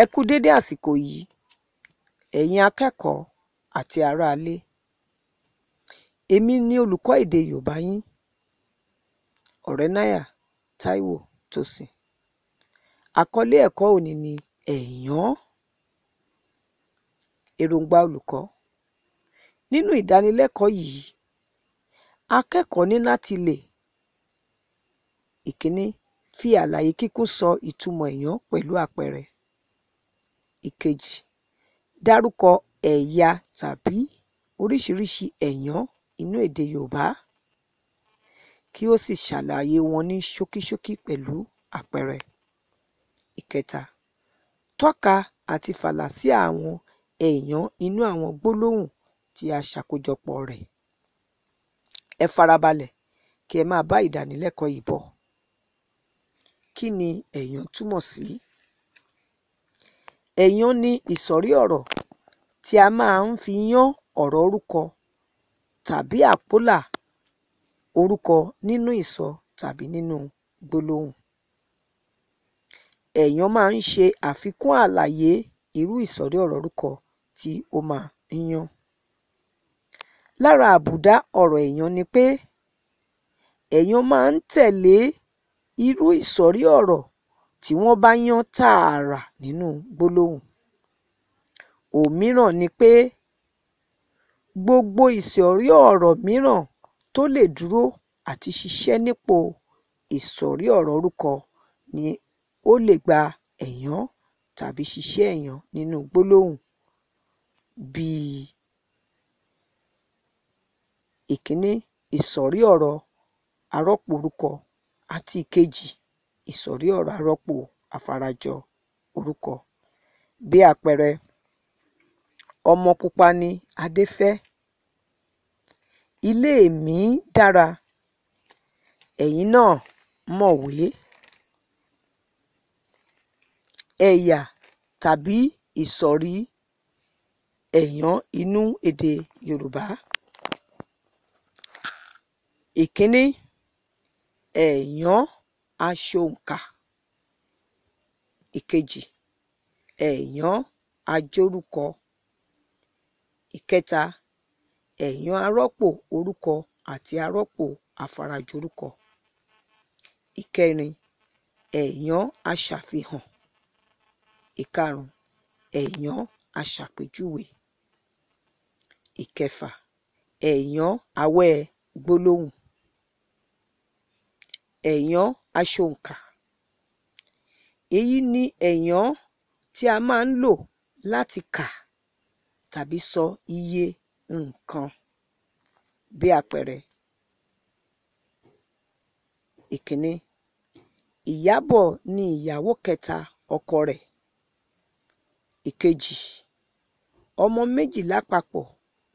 Ẹ kú dédé àsìkò yìí ẹ̀yin akẹ́kọ̀ọ́ àti aráalé. Èmi ni olùkọ́ èdè Yorùbá yín Ọ̀rẹ́náyà Táíwò Tósìn. Àkọlé ẹ̀kọ́ òní ni ẹ̀yán. Èròńgbà olùkọ́. Nínú ìdánilẹ́kọ̀ọ́ yìí, akẹ́kọ̀ọ́ ní láti lè ìkíní fi àlàyé kíkún sọ ìtumọ̀ ẹ̀yán pẹ̀lú àpẹẹrẹ. Ìkejì, dárúkọ ẹ̀yà tàbí oríṣiríṣi ẹ̀yán inú èdè Yorùbá, kí ó sì ṣàlàyé wọn ní ṣókíṣókí pẹ̀lú àpẹẹrẹ. Ìkẹta, tọ́ka àti fàlàsíà àwọn ẹ̀yán inú àwọn gbólóhùn tí a ṣàkójọpọ̀ rẹ̀. Ẹ farabalẹ̀ kí ẹ máa bá ìdánilẹ́kọ̀ọ́ yìí bọ̀. Kí ni ẹ̀yán túmọ̀ sí? Èèyàn ní ìsọ̀rí ọ̀rọ̀ tí a máa ń fi yan ọ̀rọ̀ orúkọ tàbí àpólà orúkọ nínú ìsọ tàbí nínú gbólóhùn. Èèyàn máa ń ṣe àfikún àlàyé irú ìsọ̀rí ọ̀rọ̀ orúkọ tí ó máa ń yàn. Lára àbùdá ọ̀rọ̀ èèyàn ni pé èèyàn máa ń tẹ̀lé irú ìsọ̀rí ọ̀rọ̀ tí wọ́n bá yán tààrà nínú gbólóhùn. Òmíràn ni pé gbogbo ìsọ̀rí ọ̀rọ̀ mìíràn tó lè dúró àti ṣiṣẹ́ nípò ìsọ̀rí ọ̀rọ̀ orúkọ ni ó lè gba ẹ̀yán tàbí ṣiṣẹ́ ẹ̀yán nínú gbólóhùn, bíi: Ìkíní, ìsọ̀rí ọ̀rọ̀ arọ́pò orúkọ àti ìkejì ìsọ̀rí ọ̀rọ̀ arọ́pò afarajọ orúkọ. Bí àpẹẹrẹ, ọmọ pupa ni Adé fẹ́, ilé mi dára, ẹ̀yin náà mọ̀wé. Ẹ̀yà tàbí ìsọ̀rí ẹ̀yán inú èdè Yorùbá. Ìkíní, ẹ̀yán aṣòǹkà; ìkejì, èèyàn ajórúkọ; ìkẹta, èèyàn arọ́pò orúkọ àti arọ́pò afarajorúkọ; ìkẹrin, èèyàn aṣàfihàn; ìkarùn-ún, èèyàn aṣàpèjúwe; ìkẹfà, èèyàn awẹ́ gbólóhùn ẹ̀yán aṣòǹkà: èyí ni ẹ̀yán tí a máa ń lò láti kà tàbí sọ iye nǹkan. Bí àpẹẹrẹ, ìkíní, Ìyábọ̀ ni ìyàwó kẹta ọkọ rẹ̀. Ìkejì, ọmọ méjìlá papọ̀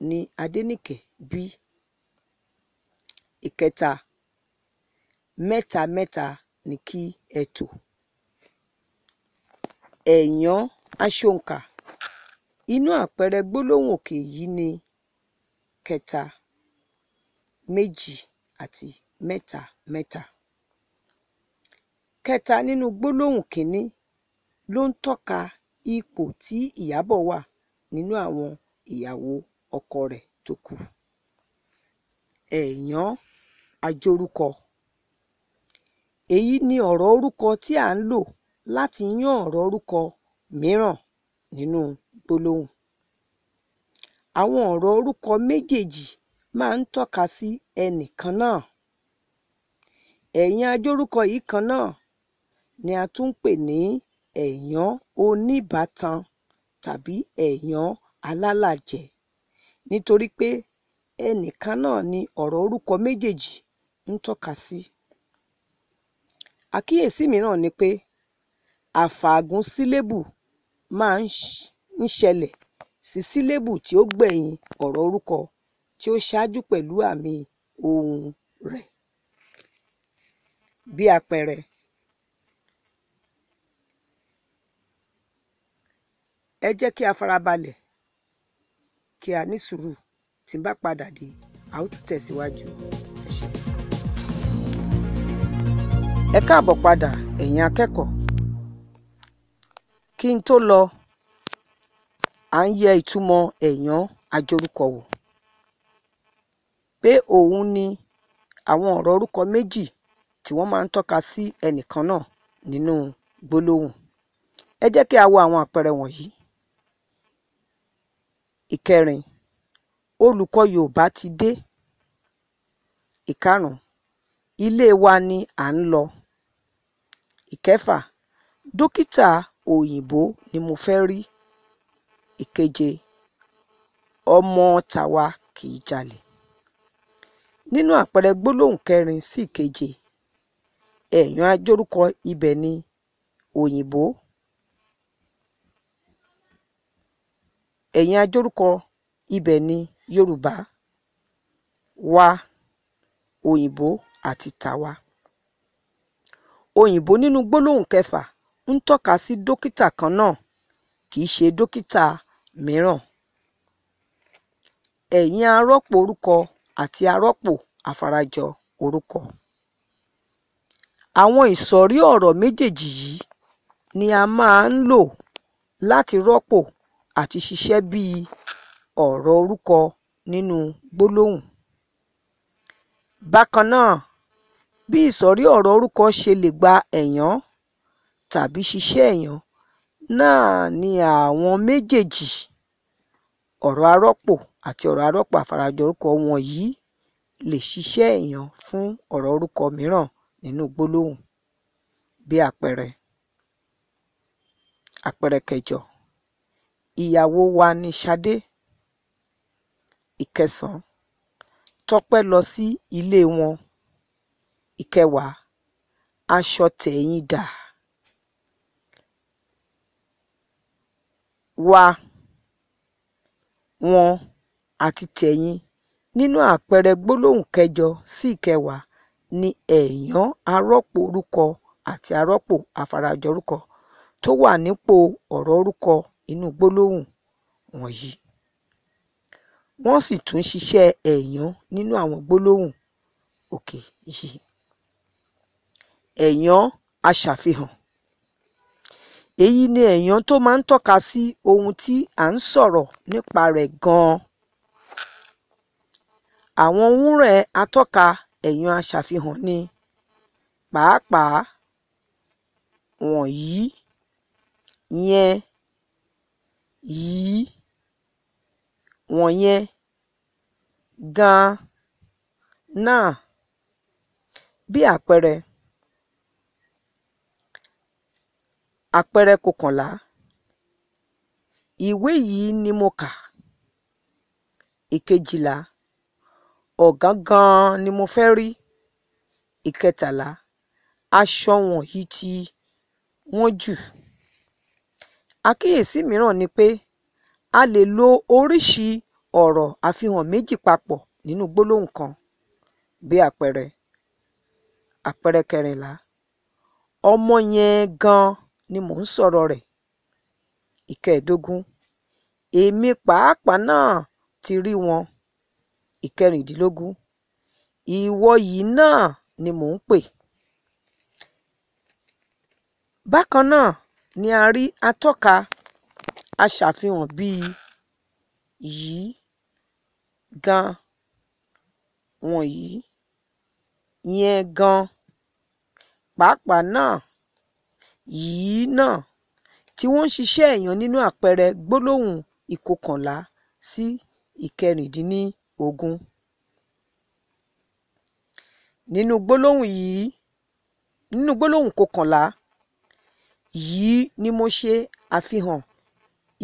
ni Adéníkẹ̀ bí. Ìkẹta mẹ́ta mẹ́ta ni kí ẹ tó ẹ yan aṣòǹkà inú àpẹẹrẹ gbólóhùn òkè yìí ni kẹta méjì àti mẹ́ta mẹ́ta. Kẹta nínú gbólóhùn kìíní ló ń tọ́ka ipò tí Ìyábọ̀ wà nínú àwọn ìyàwó ọkọ rẹ̀ tó kù. Ẹ yan Èyí ni ọ̀rọ̀ orúkọ tí à ń lò láti yan ọ̀rọ̀ orúkọ mìíràn nínú gbólóhùn. Àwọn ọ̀rọ̀ orúkọ méjèèjì máa ń tọ́ka sí ẹnì kan náà. Ẹ̀yàn ajórúkọ yìí kan náà ni a tún ń pè ní ẹ̀yàn oníbàátan tàbí ẹ̀yàn alálàjẹ nítorí pé ẹnì kan náà ni ọ̀rọ̀ orúkọ méjèèjì ń tọ́ka sí. Àkíyèsí mìíràn ni pé àfàgùn sílébù máa ń ṣẹlẹ̀ sí sílébù tí ó gbẹ̀yìn ọ̀rọ̀ orúkọ tí ó ṣáájú pẹ̀lú àmì ohùn rẹ̀. Bí àpẹẹrẹ, ẹ jẹ́ kí a farabalẹ̀ kí a ní sùúrù, tí n bá padà dé a ó tún tẹ̀síwájú. Ẹ ṣé ẹ káàbọ̀ padà ẹ̀yin akẹ́kọ̀ọ́ kí n tó lọ à ń yẹ ìtumọ̀ ẹ̀yán àjorúkọ wò pé òun ni àwọn ọ̀rọ̀ orúkọ méjì tí wọ́n máa ń tọ́ka sí ẹnìkan náà nínú gbólóhùn ẹ jẹ́ kí a wo àwọn àpẹẹrẹ wọ̀nyí ìkẹrin olùkọ́ Yorùbá ti dé ìkarùn ilé wa ni à ń lọ. Ìkẹfà, dókítà Òyìnbó ni mo fẹ́ rí. Ìkeje, ọmọ tàwa kìí jalè. Nínú àpẹẹrẹ gbólóhùn kẹrin sí ìkeje, èèyàn ajórúkọ ibẹ̀ ni Òyìnbó, èèyàn ajórúkọ ibẹ̀ ni Yorùbá, wa, Òyìnbó àti tàwa. Òyìnbó nínú gbólóhùn kẹfà ń tọ́kasí dókítà kannáà, kìí ṣe dókítà mìíràn. Ẹ̀yin arọ́pò orúkọ àti arọ́pò afarajọ orúkọ. Àwọn ìsọ̀rí ọ̀rọ̀ méjèèjì yìí ni a máa ń lò láti rọ́pò àti ṣiṣẹ́ bíi ọ̀rọ̀ orúkọ nínú gbólóhùn. Bákan náà bí ìsọ̀rí ọ̀rọ̀ orúkọ ṣe lè gba èèyàn tàbí ṣiṣẹ́ èèyàn náà ni àwọn méjèèjì ọ̀rọ̀ arọ́pò àti ọ̀rọ̀ arọ́pò àfarajọ orúkọ wọ̀nyí lè ṣiṣẹ́ èèyàn fún ọ̀rọ̀ orúkọ mìíràn nínú gbólóhùn bí àpẹẹrẹ àpẹẹrẹ kẹjọ ìyàwó wa ni Ṣadé ìkẹsànán Tọ́pẹ́ lọ sí ilé wọn ìkẹwàá aṣọ tẹ̀yìn dá wa (wọn àti tẹ̀yin) nínú àpẹẹrẹ gbólóhùn kẹjọ sí ìkẹwàá ni èèyàn arọ́pò orúkọ àti arọ́pò afarajorúkọ tó wà nípò ọ̀rọ̀ orúkọ inú gbólóhùn wọ̀nyí, wọ́n sì tún ṣiṣẹ́ èèyàn nínú àwọn gbólóhùn òkè yìí ẹ̀yán aṣàfihàn: èyí ni ẹ̀yán tó máa ń tọ́ka sí ohun tí à ń sọ̀rọ̀ nípa rẹ̀ gan-an. Àwọn wúnrẹ̀n atọ́ka ẹ̀yán aṣàfihàn ni, pàápàá, wọ̀nyí, yẹn, yìí, wọ̀nyẹn, gan-an, náà. Bí àpẹẹrẹ Àpẹẹrẹ kọkànlá ìwé yìí ni Mo kà, ìkejìlá ọ̀gán ni mo fẹ́ rí, ìkẹtàlá aṣọ wọ̀nyí ti wọ́n jù. Àkíyèsí mìíràn ni pé a lè lo oríṣi ọ̀rọ̀ àfihàn méjì papọ̀ nínú gbólóhùn kan. Bí àpẹẹrẹ, àpẹẹrẹ kẹrìnlá: Ọmọ yẹn gan-an ni mò ń sọ̀rọ̀ rẹ̀ ìkẹẹ̀dógún èmi pàápàá náà ti rí wọn ìkẹrìndínlógún ìwọ yìí náà ni mò ń pè. bákan náà ni a rí atọ́ka aṣàfihàn bíi yìí gan wọ̀nyí yẹn gan pàápàá náà yìí náà, tí wọ́n ń ṣiṣẹ́ èèyàn nínú àpẹẹrẹ gbólóhùn ìkọkànlá sí ìkẹrìndínlógún. Nínú gbólóhùn kọkànlá yìí ni mo ṣe àfihàn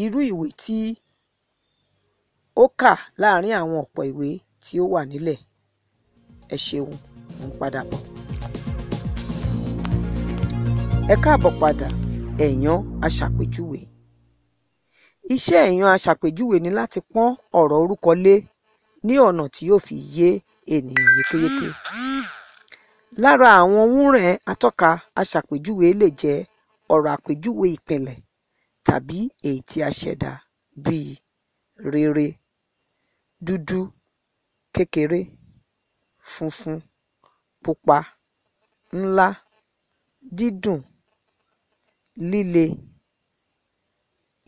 irú ìwé tí ó kà láàárín àwọn ọ̀pọ̀ ìwé tí ó wà nílẹ̀. Ẹ ṣeun, mò ń padà bọ̀ ẹ káàbọ̀ padà ẹ̀yàn aṣàpèjúwe iṣẹ́ ẹ̀yàn aṣàpèjúwe ni láti pọ́n ọ̀rọ̀ orúkọ lé ní ọ̀nà tí yóò fi yé ènìyàn yékéyéké lára àwọn wúnrẹ̀n atọ́ka aṣàpèjúwe lè jẹ́ ọ̀rọ̀ àpèjúwe ìpìlẹ̀ tàbí èyí tí a ṣẹ̀dá bíi rere dúdú kékeré funfun pupa ńlá dídùn líle,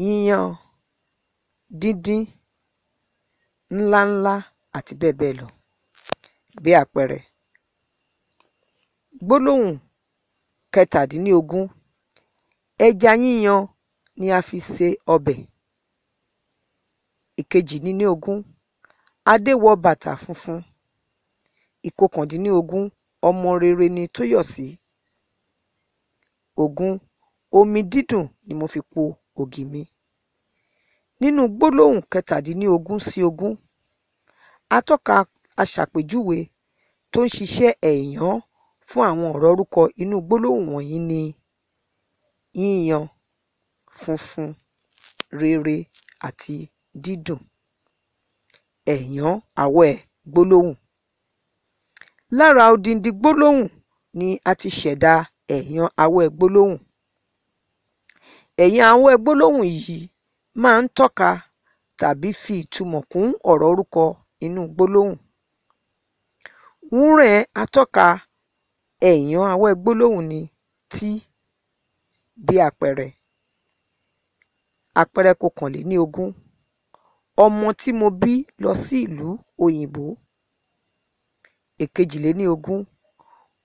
yíyan, díndín, ńláńlá àti bẹ́ẹ̀ bẹ́ẹ̀ lọ. Bí àpẹẹrẹ, gbólóhùn kẹtàdínlógún ẹja yíyan ni a fi se ọbẹ̀. Ìkejìdínlógún Adé wọ bàtà funfun. Ìkọkàndínlógún ọmọ rere ni Tóyọ̀sí. Ogún omi dídùn ni mo fi po ògì mi nínú gbólóhùn kẹtàdínlógún sí ogún atọ́ka aṣàpèjúwe tó ń ṣiṣẹ́ ẹ̀yán fún àwọn ọ̀rọ̀ orúkọ inú gbólóhùn wọ̀nyí ni yíyan funfun rere àti dídùn ẹ̀yán àwẹ̀ gbólóhùn lára odindi gbólóhùn ni a ti ṣẹ̀dá ẹ̀yán àwẹ̀ gbólóhùn Ẹ̀yà àwọ̀n gbólóhùn yìí máa ń tọ́ka tàbí fi ìtumọ̀ kún ọ̀rọ̀ orúkọ inú gbólóhùn. Wúnrẹ̀n atọ́ka ẹ̀yán àwọ̀n gbólóhùn ni ti bí àpẹẹrẹ, àpẹẹrẹ kọkànléníogún ọmọ tí mo bí lọ sí ìlú òyìnbó. Èkejìléníogún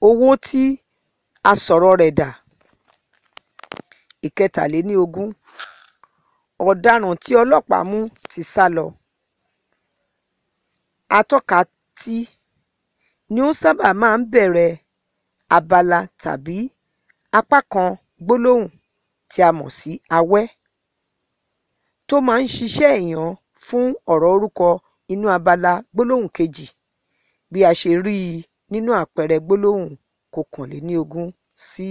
owó tí asọ̀rọ̀ rẹ̀ dà ìkẹtàléníogún ọ̀daràn tí ọlọ́pàá mú ti sá lọ atọ́ka tí ni ó sábà máa ń bẹ̀rẹ̀ abala tàbí apá kan gbólóhùn tí a mọ̀ sí awẹ́ tó máa ń ṣiṣẹ́ èèyàn fún ọ̀rọ̀ orúkọ inú abala gbólóhùn kejì bí a ṣe rí i nínú àpẹẹrẹ gbólóhùn kọkànléníogún sí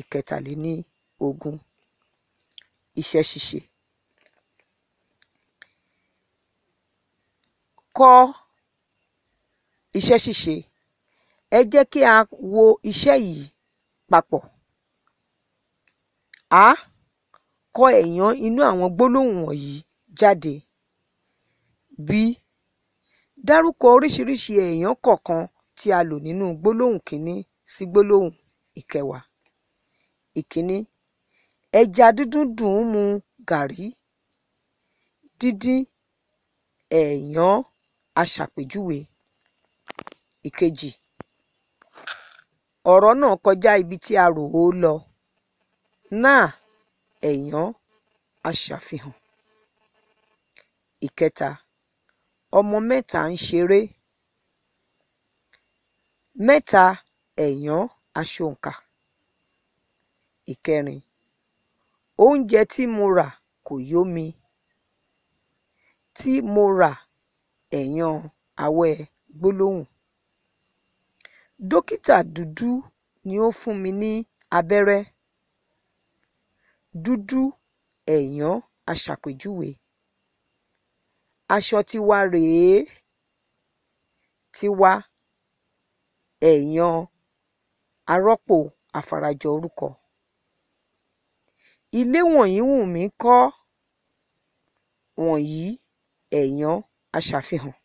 ìkẹtàléní ogún iṣẹ́ ṣíṣe kọ́ iṣẹ́ ṣíṣe ẹ jẹ́ kí a wo iṣẹ́ yìí papọ̀ a kọ ẹ̀yán inú àwọn gbólóhùn wọ̀nyí jáde b dárúkọ oríṣiríṣi ẹ̀yán kọ̀ọ̀kan tí a lò nínú gbólóhùn kìíní sí gbólóhùn ìkẹwàá ìkíní Ẹja dídùn dùn ún mu gààrí díndín, ẹ̀yàn aṣàpèjúwe. Ìkejì, ọ̀rọ̀ náà kọjá ibi tí a rò ó lọ. eyan (Ẹ̀yàn aṣàfihàn) Ìkẹta, ọmọ mẹ́ta ń ṣeré. mẹ́ta ẹ̀yàn aṣòǹkà. Ìkẹrin Oúnjẹ tí mo rà kò yó mi tí mo rà ẹ̀yán Awẹ́ gbólóhùn. Dókítà dúdú ni ó fún mi ní abẹ́rẹ́. Dúdú ẹ̀yán aṣàpèjúwe. Aṣọ tiwa rèé, tiwa ẹ̀yán arọ́pò afarajọ orúkọ ilé wọ̀nyí wù mí kọ́ wọ̀nyí ẹ̀yán aṣàfihàn.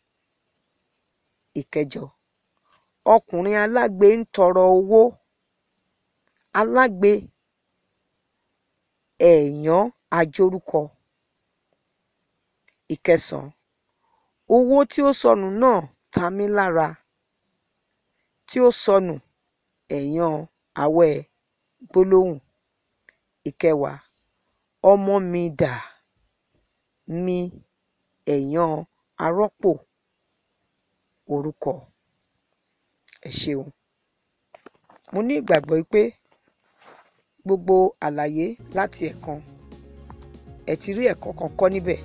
Ìkẹjọ, ọkùnrin alágbe ń tọrọ owó. Alágbe ẹ̀yán ajórúkọ. Ìkẹsàn, owó tí ó sọnù náà tamí lára. Tí ó sọnù ẹ̀yán awẹ́ gbólóhùn ìkẹwàá ọmọ mi dá mi èèyàn arọ́pò orúkọ ẹ ṣeun mo ní ìgbàgbọ́ pé gbogbo àlàyé láti ẹ̀kan ẹ ti rí ẹ̀kọ́ kan kọ́ níbẹ̀